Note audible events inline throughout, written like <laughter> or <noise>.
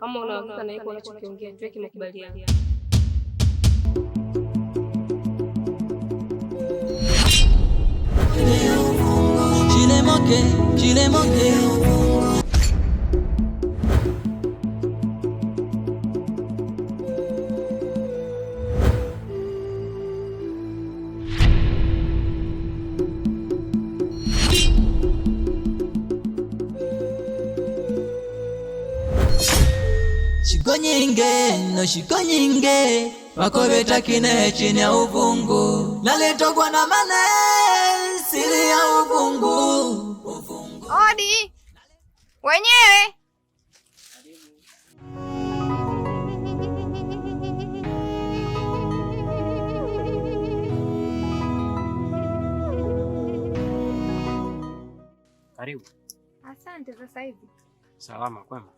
kama unawaza na hiko unachokiongea tuweke makubaliano. Chilemoke, chilemoke shiko nyinge no shiko nyinge makobeta kine chini ya uvungu lalitogwa na mane siri ya uvungu odi wenyewe Karibu. Asante. Sasa hivi salama, kwema?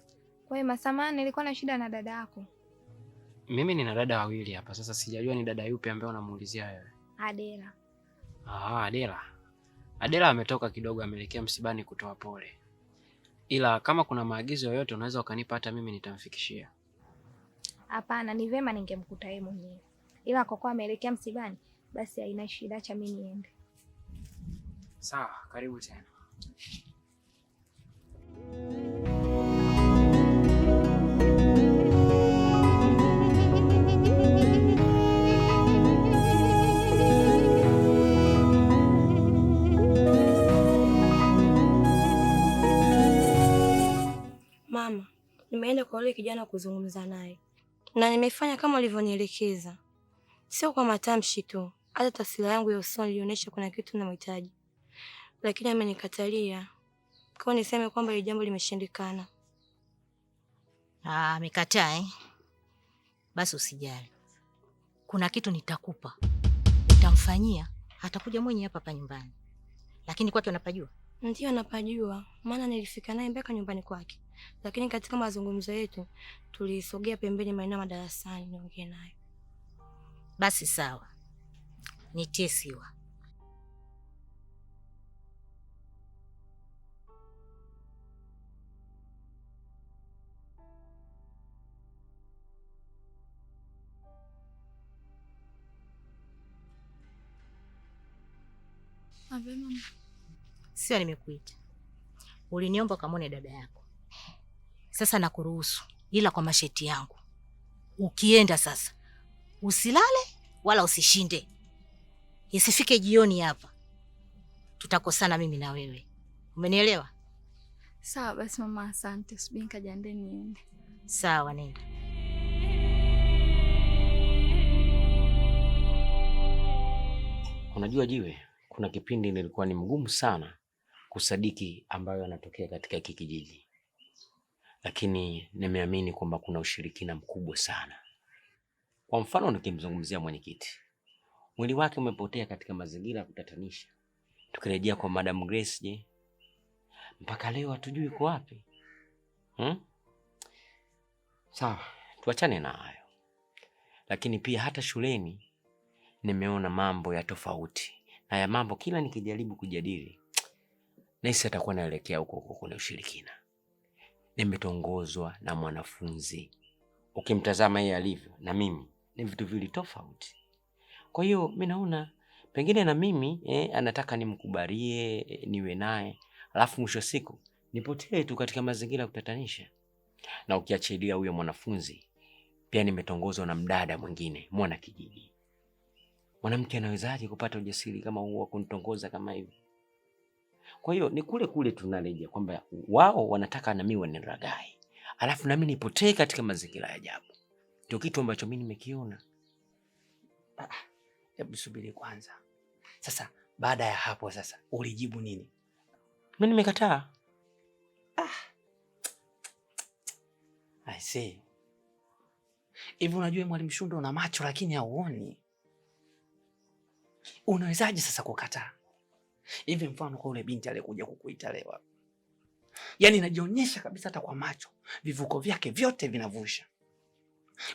Wema, samahani nilikuwa na shida na dada yako. Mimi nina dada wawili hapa, sasa sijajua ni dada yupi ambaye unamuulizia wewe. Adela. Ah, Adela. Adela ametoka kidogo, ameelekea msibani kutoa pole, ila kama kuna maagizo yoyote unaweza ukanipa, hata mimi nitamfikishia. Hapana, ni vema ningemkuta yeye mwenyewe, ila kwa kuwa ameelekea msibani, basi haina shida, acha mimi niende. Sawa, karibu tena. mama, nimeenda kwa yule kijana kuzungumza naye na nimefanya kama ulivyonielekeza, sio kwa matamshi tu, hata taswira yangu ya usoni ilionyesha kuna kitu namhitaji, lakini amenikatalia. Kwa niseme kwamba hili jambo limeshindikana. Ah, amekataa eh? Basi usijali, kuna kitu nitakupa, nitamfanyia, atakuja mwenye hapa hapa nyumbani. Lakini kwake unapajua? Ndio, napajua, maana nilifika naye mpaka nyumbani kwake lakini katika mazungumzo yetu tulisogea pembeni maeneo madarasani niongee nayo. Basi sawa, nitie siwa. Siwa, nimekuita, uliniomba ukamwone dada yako sasa nakuruhusu, ila kwa masheti yangu. Ukienda sasa, usilale wala usishinde, isifike jioni hapa tutakosana mimi na wewe, umenielewa? Sawa basi mama, asante. Subiri nikajiandae niende. Sawa, nenda. Unajua Jiwe, kuna kipindi nilikuwa ni mgumu sana kusadiki ambayo yanatokea katika hiki kijiji lakini nimeamini kwamba kuna ushirikina mkubwa sana. Kwa mfano, nikimzungumzia mwenyekiti, mwili wake umepotea katika mazingira ya kutatanisha. Tukirejea kwa Madam Grace, je, mpaka leo hatujui yuko wapi hmm? Sawa, tuachane na hayo, lakini pia hata shuleni nimeona mambo ya tofauti na ya mambo, kila nikijaribu kujadili nahisi atakuwa naelekea huko huko kwenye ushirikina nimetongozwa na mwanafunzi. Ukimtazama yeye alivyo na mimi ni vitu vili tofauti. Kwa hiyo mi naona pengine na mimi eh, anataka nimkubalie eh, niwe naye, alafu mwisho siku nipotee tu katika mazingira ya kutatanisha. Na ukiachilia huyo mwanafunzi, pia nimetongozwa na mdada mwingine mwana kijiji. Mwanamke anawezaje kupata ujasiri kama huo wa kunitongoza kama hivi? Kwa hiyo ni kule kule tunarejea kwamba wao wanataka nami wanilaghai, alafu nami nipotee katika mazingira ya ajabu. Ndio kitu ambacho mimi nimekiona. Ah, ah, hebu subiri kwanza. Sasa baada ya hapo sasa ulijibu nini? Mimi nimekataa. Ah. I see. Hivi unajua Mwalimu Shundo una macho lakini hauoni. Unawezaje sasa kukataa? Hivi mfano kwa yule binti aliyekuja kukuita leo, yaani najionyesha kabisa hata kwa macho, vivuko vyake vyote vinavusha.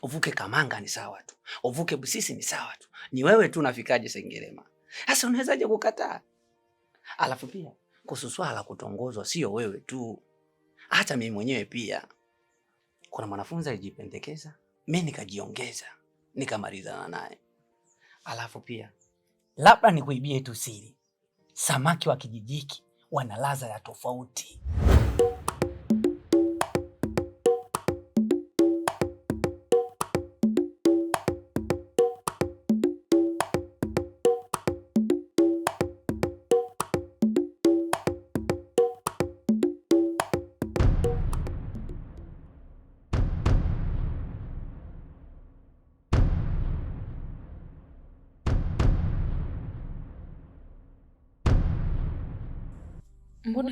Uvuke Kamanga ni sawa tu, uvuke Busisi ni sawa tu, ni wewe tu unafikaje Sengerema? Sasa unawezaje kukataa? Alafu pia kuhusu swala la kutongozwa, sio wewe tu, hata mimi mwenyewe pia. Kuna mwanafunzi alijipendekeza, mimi nikajiongeza, nikamalizana naye. Alafu pia labda nikuibie tu siri samaki wa kijijiki wana ladha ya tofauti.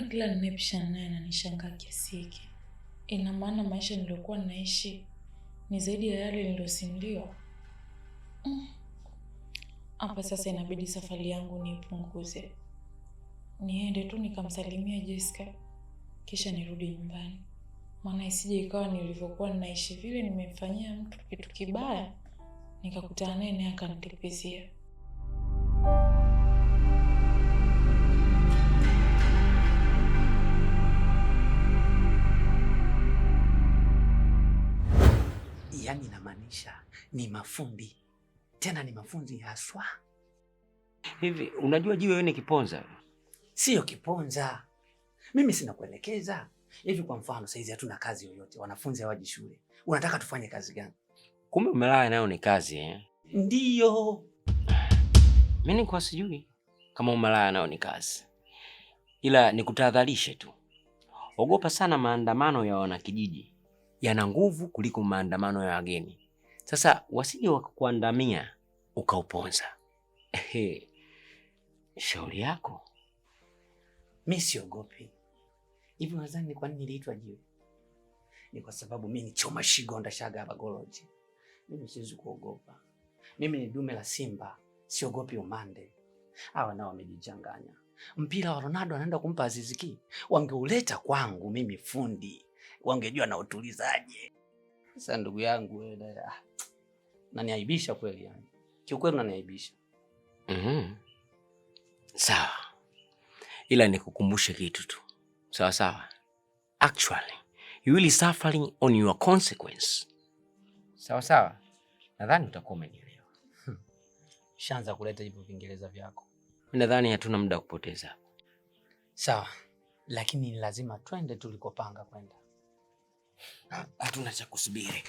kila ninayepishana naye ananishangaa kiasi hiki? Ina maana maisha niliyokuwa ninaishi ni zaidi ya yale niliyosimuliwa? Mm. Hapa mm. Sasa inabidi safari yangu niipunguze, niende tu nikamsalimia Jessica kisha nirudi nyumbani, maana isije ikawa nilivyokuwa ninaishi vile nimemfanyia mtu kitu kibaya nikakutana naye naye akanilipizia. yaani namaanisha ni mafundi tena ni mafunzi haswa. Hivi unajua jiwe wewe ni kiponza? Siyo kiponza, mimi sinakuelekeza hivi. Kwa mfano saizi hatuna kazi yoyote, wanafunzi hawaji shule, unataka tufanye kazi gani? Kumbe umelala nayo ni kazi eh? Ndiyo, mimi nikuwa sijui kama umelala nayo ni kazi, ila nikutahadharishe tu, ogopa sana maandamano ya wanakijiji yana nguvu kuliko maandamano ya wageni. Sasa wasije wakakuandamia ukauponza. Ehe, shauri yako. Mi siogopi. Hivi Nadhani ni kwa nini niliitwa jiwe? Ni kwa sababu mi ni choma shigonda shaga ya bagoloji. Mimi siwezi kuogopa. Mimi ni dume la simba, siogopi umande. Hawa nao wamejichanganya. Mpira wa Ronaldo anaenda kumpa Aziziki, wangeuleta kwangu mimi fundi wangejua na utulizaje. Sasa ndugu yangu wewe, ah, naniaibisha kweli yani. Kiukweli unaniaibisha. Mhm. Mm, sawa. Ila nikukumbushe kitu tu. Sawa sawa. Actually, you will suffering on your consequence. Sawa sawa. Nadhani utakuwa umenielewa. Hmm. Shanza kuleta hivyo vingereza vyako. Nadhani hatuna muda kupoteza. Sawa. Lakini ni lazima twende tulikopanga kwenda hatuna cha kusubiri.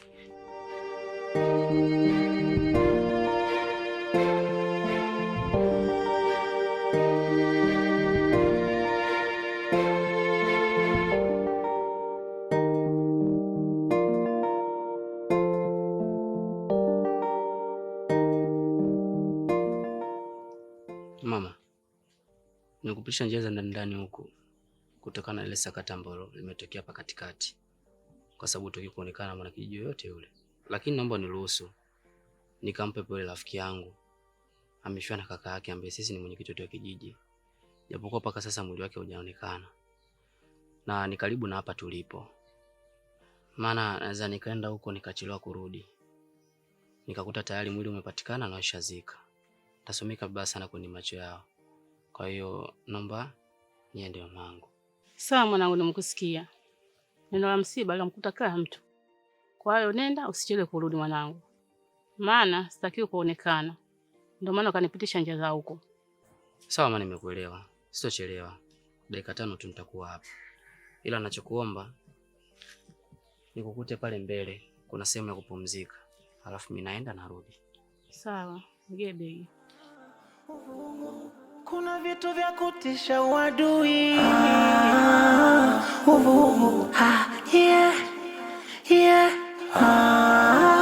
Mama, nikupisha njia za ndani ndani huku kutokana na ile sakata ambalo limetokea hapa katikati kwa sababu toki kuonekana na kijiji yoyote yule, lakini naomba niruhusu nikampe pole rafiki yangu ameshwa na kaka yake ambaye sisi ni mwenyekiti wa kijiji, japokuwa mpaka sasa mwili wake hujaonekana na ni karibu na hapa tulipo, maana naweza nikaenda huko nikachelewa kurudi nikakuta tayari mwili umepatikana na washazika. tasomeka baba sana kwenye macho yao. Kwa hiyo naomba niende mamangu. Sawa mwanangu, nimekusikia neno la msiba lamkuta kila mtu. Kwa hiyo nenda, usichele kurudi mwanangu, maana sitakiwi kuonekana. Ndio maana ukanipitisha njia za huko. Sawa mama, nimekuelewa, sitochelewa. Dakika tano tu nitakuwa hapa, ila nachokuomba nikukute pale mbele, kuna sehemu ya kupumzika, halafu mimi naenda narudi. Sawa, ngebe kuna vitu vya kutisha wadui Ah, yeah, yeah. Ah,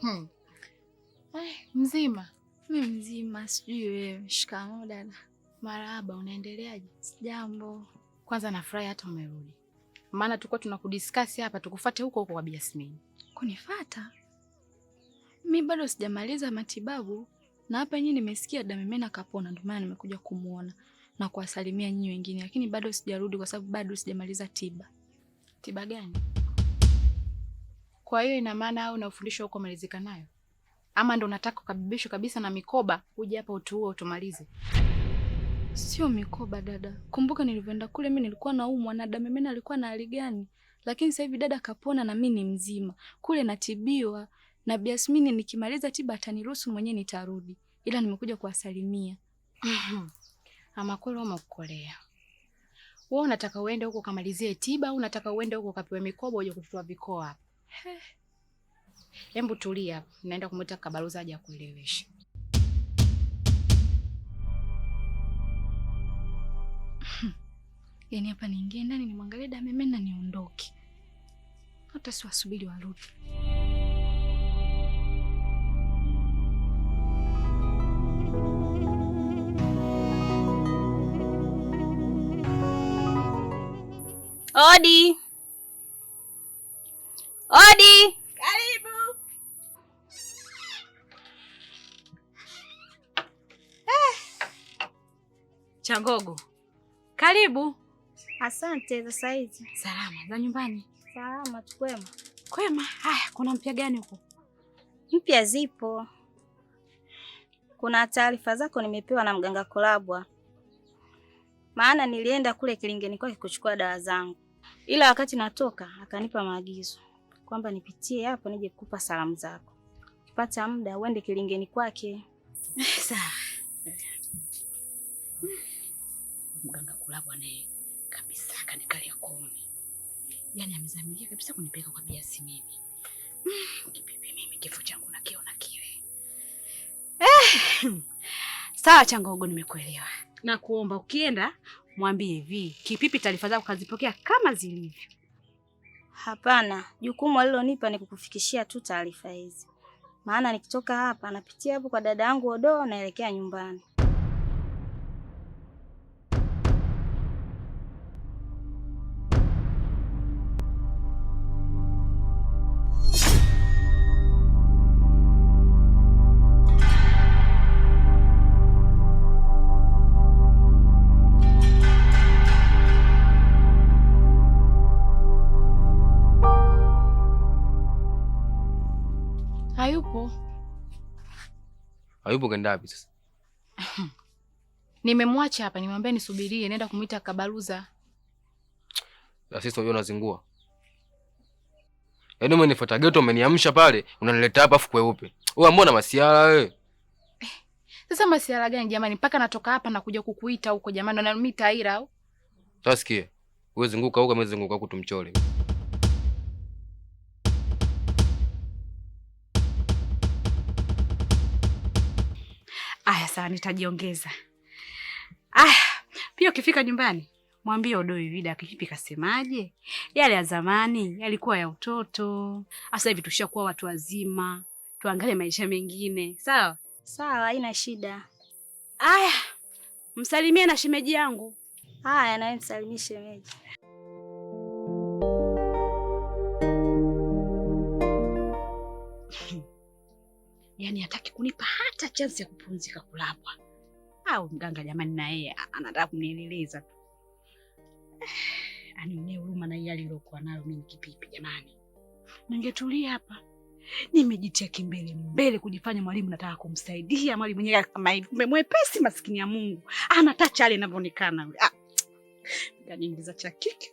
Hmm. Ay, mzima mi mzima, sijui wewe. Shikamoo dada. Marahaba, unaendeleaje? Sijambo. Kwanza nafurahi hata umerudi maana tulikuwa tunakudiscuss hapa tukufuate huko huko kwa Yasmin. Kunifuata? Mi bado sijamaliza matibabu na hapa nyinyi nimesikia Damimena kapona, ndio maana nimekuja kumuona na kuwasalimia nyinyi wengine, lakini bado sijarudi kwa sababu bado sijamaliza tiba. Tiba gani? Kwa hiyo ina maana au na huko malizika nayo, ama ndo unataka ukabibishwa kabisa na mikoba uje hapa utuue utumalize? Sio mikoba dada, kumbuka nilivyoenda kule mimi nilikuwa naumwa na dada mimi alikuwa na hali gani, lakini sasa hivi dada kapona na mimi ni mzima. Kule natibiwa na Biasmini, nikimaliza tiba ataniruhusu mwenyewe nitarudi, ila nimekuja kuwasalimia. Mhm. Ama kweli wama kukolea wewe, unataka uende huko kamalizie tiba au unataka uende huko kapewe mikoba uje kutoa vikoa? Hebu tulia, naenda kumwita kabaruza aje akueleweshe. Yaani hapa niingie ndani nimwangalie Dameme na niondoke, hata wasubiri warudi. Odi, odi, karibu. Eh, Changogo, karibu. Asante za saizi. Salama za nyumbani? Salama tu, kwema. Kwema. Haya, kuna mpya gani huko? Mpya zipo. Kuna taarifa zako nimepewa na mganga Kolabwa, maana nilienda kule kilingeni kwake kuchukua dawa zangu, ila wakati natoka akanipa maagizo kwamba nipitie hapo nije kukupa salamu zako, ukipata muda uende kilingeni kwake. Eh, sawa. Mganga Kulabwa naye yani amezamilia kabisa kunipeleka kwa biasi mimi. kipipi mimi kifo changu nakiona kile. Eh, sawa Changogo, nimekuelewa. Nakuomba ukienda mwambie hivi, Kipipi taarifa zako kazipokea kama zilivyo. Hapana, jukumu alilonipa ni kukufikishia tu taarifa hizi, maana nikitoka hapa napitia hapo kwa dada yangu Odoo, naelekea nyumbani. Ayubu kaenda wapi sasa? <laughs> Nimemwacha hapa, nimwambia nisubirie, naenda kumwita Kabaruza. Sasa wewe unazingua. Yaani umenifuata geto, umeniamsha pale, unanileta hapa afu kweupe. Wewe mbona masiara wewe? Eh, sasa masiara gani jamani? Mpaka natoka hapa na kuja kukuita huko jamani, na mimi taira au? Tasikie. Wewe zunguka huko, mimi zunguka huko tumchole. sasa nitajiongeza. Ah, pia ukifika nyumbani mwambie Odoi Vida kipi kasemaje? Yale ya zamani yalikuwa ya utoto, sasa hivi tushakuwa watu wazima, tuangalie maisha mengine. Sawa sawa, haina shida. Aya, msalimie na shemeji yangu. Haya, nawe msalimie shemeji. yani hataki kunipa hata chance ya kupumzika kulapwa. Au mganga jamani, na yeye anataka kunieleleza tu, <sighs> anionee huruma na yale alilokuwa nayo mimi kipipi. Jamani, ningetulia hapa, nimejitia kimbele mbele kujifanya mwalimu, nataka kumsaidia mwalimu mwenyewe kama hivi, kumbe mwepesi. Maskini ya Mungu ana tacha yale inavyoonekana yule, ah, kaniingiza <tsk> cha kiki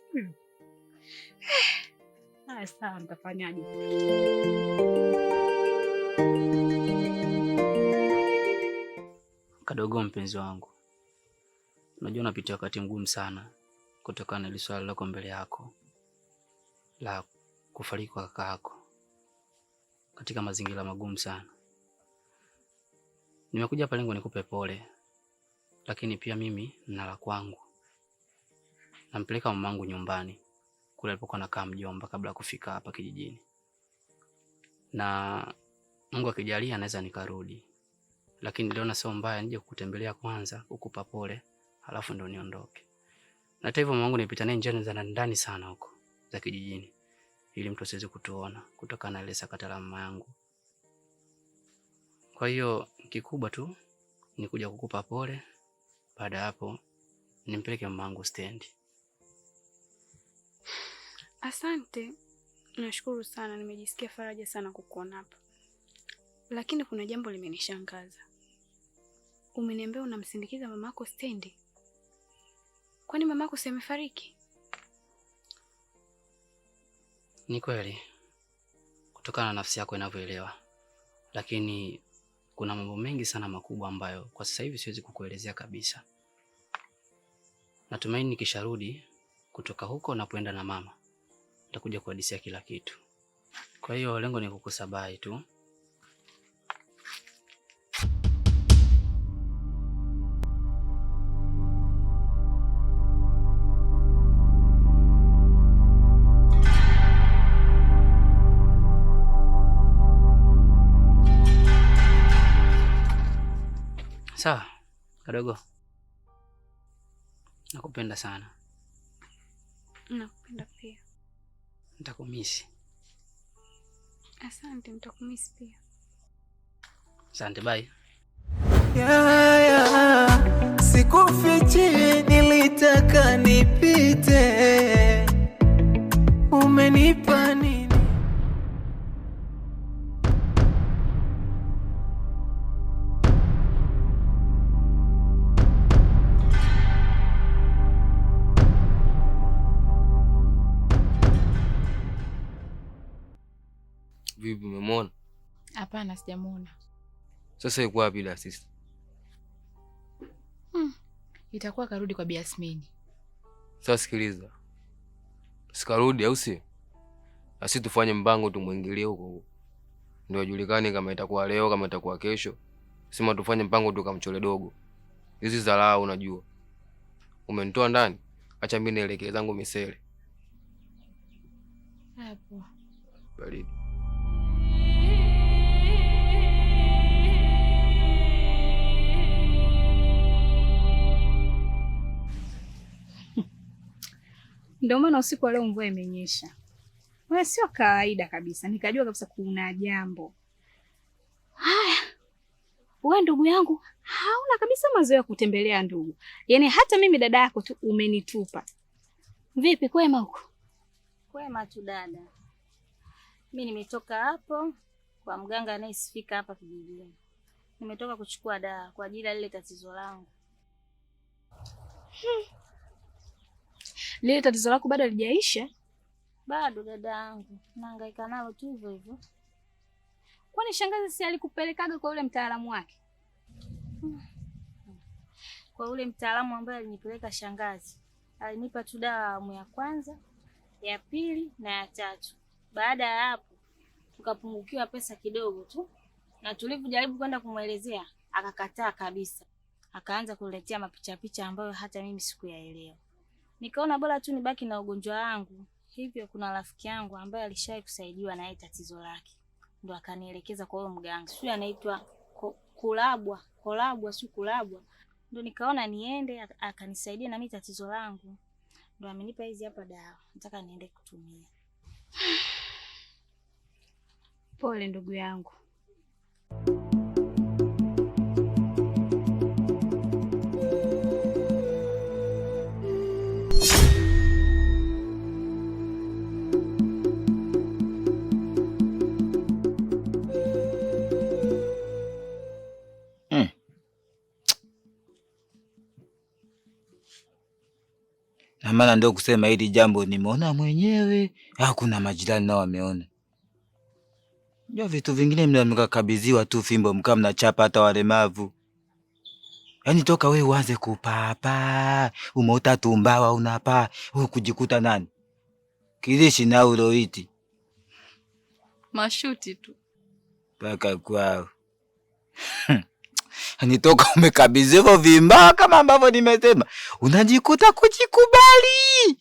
<sighs> haya. Sawa, nitafanyaje? Kadogo mpenzi wangu, unajua unapitia wakati mgumu sana kutokana na ile swala lako mbele yako la kufariki kwa kaka yako katika mazingira magumu sana. Nimekuja hapa lengo nikupe pole, lakini pia mimi nina la kwangu. Nampeleka mamangu nyumbani kule alipokuwa nakaa mjomba kabla ya kufika hapa kijijini, na Mungu akijalia anaweza nikarudi lakini niliona sio mbaya nije kukutembelea kwanza, kukupa pole, halafu ndo niondoke. Na hata hivyo mwanangu nipita naye njia za ndani sana huko za kijijini, ili mtu asiweze kutuona kutokana na ile sakata la mama yangu. Kwa hiyo kikubwa tu ni kuja kukupa pole, baada hapo nimpeleke mamaangu stendi. Asante, nashukuru sana, nimejisikia faraja sana kukuona hapa, lakini kuna jambo limenishangaza. Umeniambia unamsindikiza mamako stendi? Kwani mamako si amefariki? Ni kweli, kutokana na nafsi yako inavyoelewa, lakini kuna mambo mengi sana makubwa ambayo kwa sasa hivi siwezi kukuelezea kabisa. Natumaini nikisharudi kutoka huko napoenda na mama nitakuja kuhadisia kila kitu. Kwa hiyo lengo ni kukusabai tu. Sawa kadogo, nakupenda sana. Nakupenda pia. Nitakumisi. Asante, nitakumisi pia. Asante, bye. Yeah, yeah. sijamuona. Sasa yuko wapi bila sisi? Hmm. Itakuwa karudi kwa Biasmini. Sasa sikiliza, sikarudi au si asi, tufanye mpango tumwingilie huko, ndio ajulikane kama itakuwa leo kama itakuwa kesho. Sema tufanye mpango tukamchole dogo. Hizi dharau, unajua umenitoa ndani, acha mimi nielekee zangu misele hapo baridi. Ndio maana usiku wa leo mvua imenyesha. Wewe sio kawaida kabisa, nikajua kabisa kuna jambo. Haya, wewe ndugu yangu hauna kabisa mazoea ya kutembelea ndugu, yaani hata mimi dada yako tu umenitupa. Vipi kwema huko? Kwema tu dada, mi nimetoka hapo kwa mganga anayesifika hapa kijijini. Nimetoka kuchukua dawa kwa ajili ya lile tatizo langu. Hmm. Lile tatizo lako bado halijaisha? Bado dada yangu, nahangaika nalo tu hivyo hivyo. Kwani shangazi si alikupelekaga kwa yule mtaalamu wake? Kwa yule mtaalamu ambaye alinipeleka shangazi, alinipa tu dawa awamu ya kwanza, ya pili na ya tatu. Baada ya hapo tukapungukiwa pesa kidogo tu, na tulivyojaribu kwenda kumwelezea akakataa kabisa, akaanza kuletea mapichapicha ambayo hata mimi sikuyaelewa nikaona bora tu nibaki na ugonjwa wangu. Hivyo kuna rafiki yangu ambaye alishawahi kusaidiwa na yeye tatizo lake, ndo akanielekeza kwa huyo mganga, sio anaitwa Kulabwa, Kulabwa sio Kulabwa, ndo nikaona niende, akanisaidia na mimi tatizo langu, ndo amenipa hizi hapa dawa, nataka niende kutumia. Pole ndugu yangu. maana ndio kusema hili jambo nimeona mwenyewe, au kuna majirani nao wameona. Ndio vitu vingine mnamkakabidhiwa tu fimbo, mkaa mnachapa hata walemavu. Yaani toka we uanze kupapa umeota tumbawa unapaa wewe kujikuta nani kilishi na uroiti. mashuti tu mpaka kwao <laughs> nitoka toka <laughs> umekabidhi hivyo vimba kama ambavyo nimesema, unajikuta kujikubali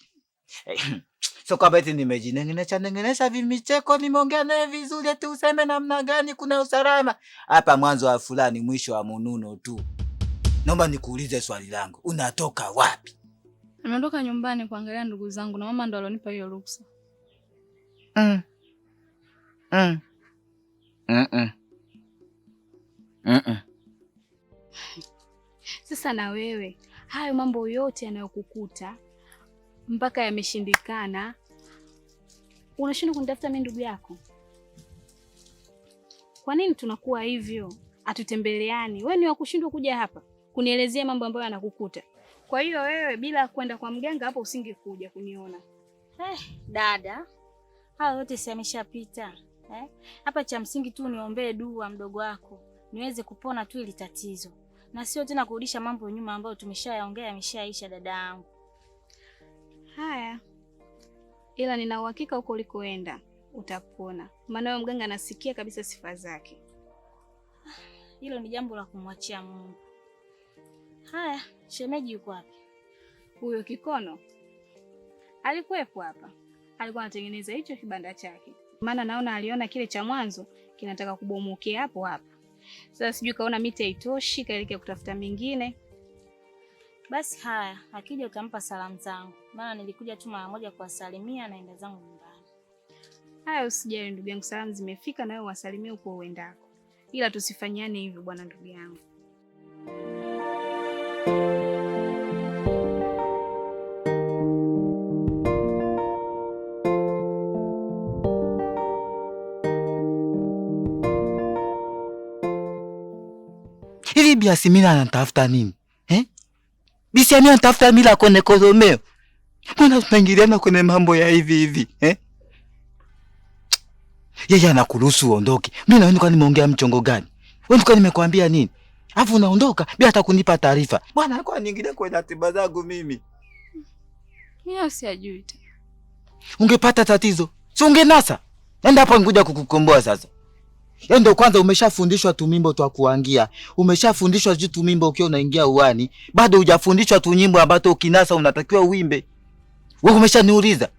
<clears throat> so kwamba eti nimejinengenesha nengenesha vimicheko, nimeongea naye vizuri, eti useme namna gani kuna usalama hapa? Mwanzo wa fulani mwisho wa mununo tu. Naomba nikuulize swali langu, unatoka wapi? Nimeondoka nyumbani kuangalia ndugu zangu na mama ndo alonipa hiyo ruksa. Mm. Mm. Mm -mm. Mm -mm. Sasa na wewe hayo mambo yote yanayokukuta mpaka yameshindikana, unashindwa kunitafuta mimi ndugu yako? Kwa nini tunakuwa hivyo, hatutembeleani? Wewe ni wa kushindwa kuja hapa kunielezea mambo ambayo yanakukuta. Kwa hiyo wewe bila kwenda kwa mganga hapo usingekuja kuniona. Eh, dada, hayo yote si yameshapita eh, hapa Cha msingi tu niombee dua mdogo wako niweze kupona tu ili tatizo na sio tena kurudisha mambo nyuma ambayo tumeshayaongea yameshaisha, dada yangu. Haya, ila nina uhakika huko ulikoenda utapona, maana wewe mganga anasikia kabisa sifa zake. <sighs> Hilo ni jambo la kumwachia Mungu. Haya, shemeji yuko wapi? Huyo Kikono alikuwepo hapa, alikuwa anatengeneza hicho kibanda chake, maana naona aliona kile cha mwanzo kinataka kubomoke hapo hapo. Sasa sijui kaona miti haitoshi, kaelekea kutafuta mingine. Basi haya, akija utampa salamu zangu, maana nilikuja tu mara moja kuwasalimia, naenda zangu nyumbani. Haya, usijali ndugu yangu, salamu zimefika, nawe wasalimie huko uendako, ila tusifanyiane hivyo bwana ndugu yangu. Hivi Bi Asimila anatafuta nini? Eh? anatafuta mila kwenye Koromeo. Mbona tunaingiliana kwenye mambo ya hivi hivi, eh? Yeye anakuruhusu uondoke. Mimi na kwani nimeongea mchongo gani? Wewe kwani nimekwambia nini? Alafu unaondoka bila hata kunipa taarifa. Bwana alikuwa aniingilia kwenye ratiba zangu mimi. Mimi sijui Ungepata tatizo. Si ungenasa. Enda hapa ngoja kukukomboa sasa. Yaani ndio kwanza umeshafundishwa tu mimbo tu kuangia. Umeshafundishwa juu tu mimbo ukiwa unaingia uani. Bado hujafundishwa tu nyimbo ambazo ukinasa unatakiwa uimbe. Wewe umeshaniuliza.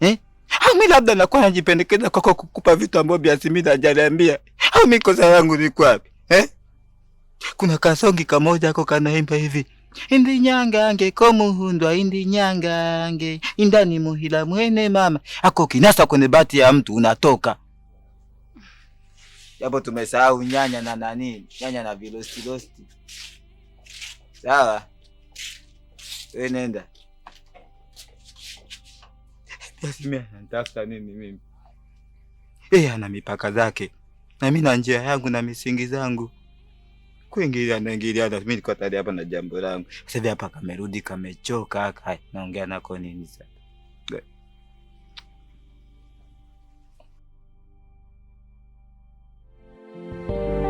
Eh? Au ah, mimi labda nakuwa najipendekeza kwako kukupa vitu ambavyo biasimida hajaniambia. Au ah, mimi kosa yangu ni kwapi? Eh? Kuna kasongi kamoja ako kanaimba hivi. Indi nyanga ange komuhundwa indi nyanga ange indani muhila mwene mama. Ako kinasa kwenye bati ya mtu unatoka japo tumesahau nyanya na nani, nyanya na vilosti losti. Sawa, we nenda. Nitafuta nini mimi? Yeye ana mipaka zake, na mimi na njia yangu na misingi zangu. Kuingilia na mimi niko tayari hapa na jambo langu. Sasa hapa kamerudi kamechoka, naongea nako nini sasa? you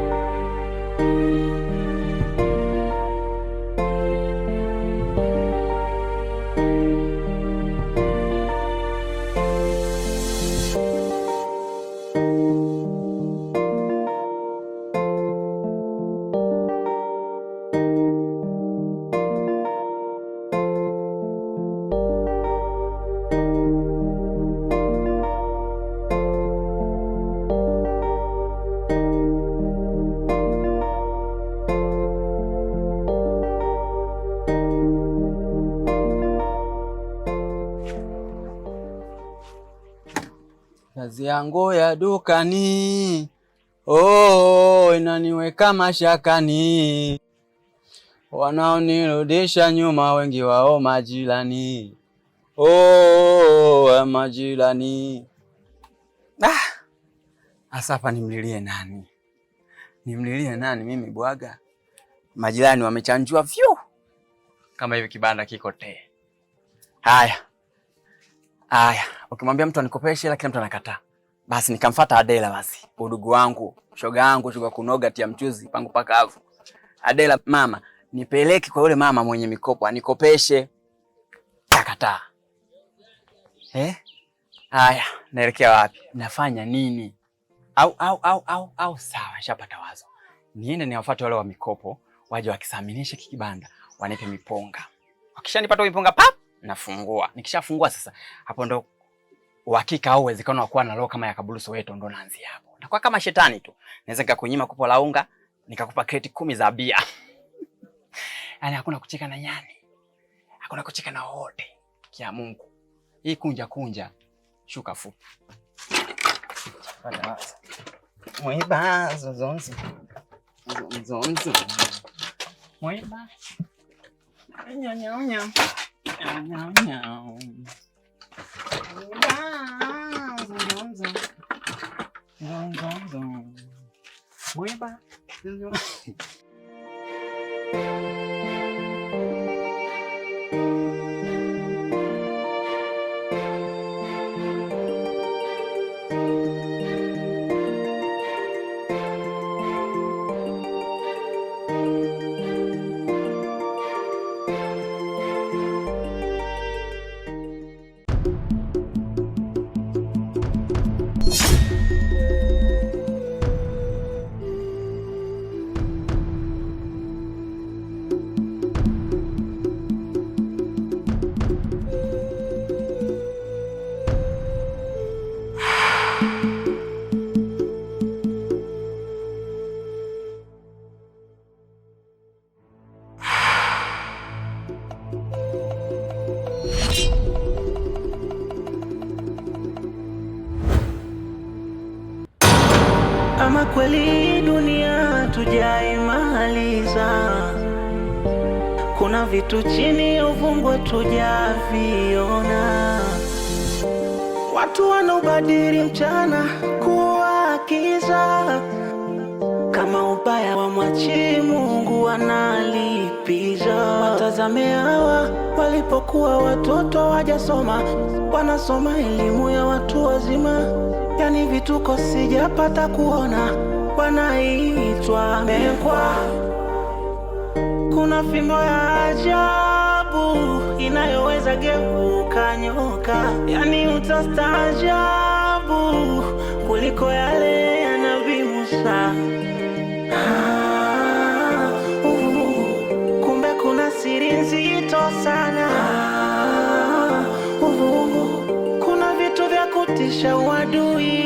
kazi yangu ya dukani oh, inaniweka mashakani, wanaonirudisha nyuma wengi wao majirani oh, majirani. Hasa ah, nimlilie nani? Nimlilie nani mimi bwaga? Majirani wamechanjua vyu kama hivi, kibanda kiko te. Haya haya, ukimwambia mtu anikopeshe, lakini mtu anakataa basi nikamfuata Adela, basi udugu wangu, shoga yangu, shoga kunoga tia mchuzi pangu pakavu. Adela, mama nipeleke kwa yule mama mwenye mikopo anikopeshe. Kakataa. Eh? Haya, naelekea wapi? Nafanya nini? Au au au au au, sawa, nishapata wazo. Niende niwafuate wale wa mikopo, waje wakisaminishe kikibanda, wanipe miponga. Wakishanipata miponga pap, nafungua. Nikishafungua sasa, hapo ndo uhakika au uwezekano wa kuwa na roho kama ya Kaburu Soweto ndo naanzia hapo. Na kwa kama shetani tu, naweza nikakunyima kopo la unga, nikakupa kreti kumi za bia. <laughs> Yaani hakuna kucheka na nyani. Hakuna kucheka na wote. Kia Mungu. Hii kunja kunja shuka fupi. Mwiba zonzonzi. Zonzonzi. Mwiba. Nyanyanyo. Nyanyanyo. Mweba. Mchana ubadili mchana kuwa kiza, kama ubaya wa mwachi Mungu wanalipiza Watazame hawa walipokuwa watoto wajasoma, wanasoma elimu ya watu wazima, yani vituko sijapata kuona, wanaitwa mekwa. Kuna fimbo ya ajabu inayoweza geuka nyoka, yani utastaajabu kuliko yale yanaviusa Ah, uh, kumbe kuna siri nzito sana. Ah, uh, uh kuna vitu vya kutisha uadui